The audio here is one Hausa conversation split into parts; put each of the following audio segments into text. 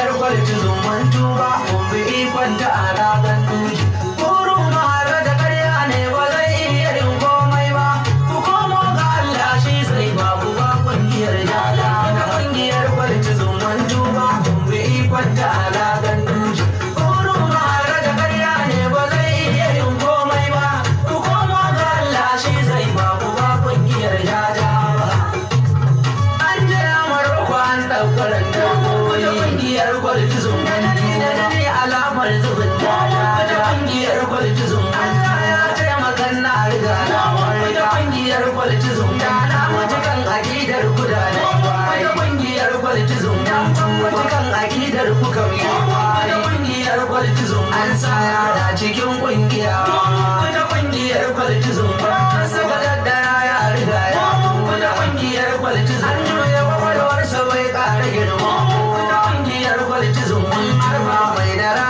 yar kwarci ba tuba, gobe ikon ta a ragan duji. politizm Allah ya taimaka na riga na wani kungiyar politizm ya na mutu kan akidar guda na wani kungiyar politizm ya mutu kan akidar ku kan yi wani kungiyar politizm an sa yara cikin kungiya wani kungiyar politizm ba su gadaddara ya riga ya wani kungiyar politizm an juya kwakwalwar sa bai girma wani kungiyar politizm an harba mai dara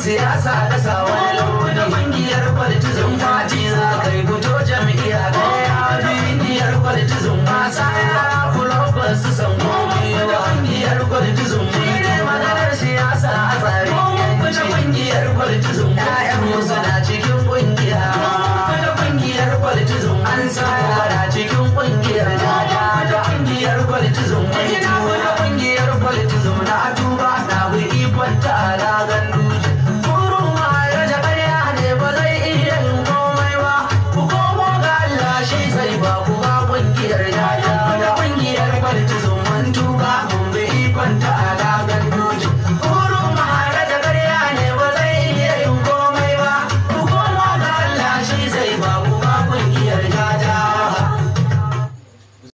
siyasa da sawa launa kungiyar politizm party za ka yi fito jam'iyya ga yawa kungiyar politizm masa ya kulo ba su san komai ba kungiyar politizm mai ne maganar siyasa a tsari kuma kungiyar politizm ya'yan musu na cikin kungiya kuma kungiyar politizm an sa yara cikin kungiyar da kungiyar politizm Yeah.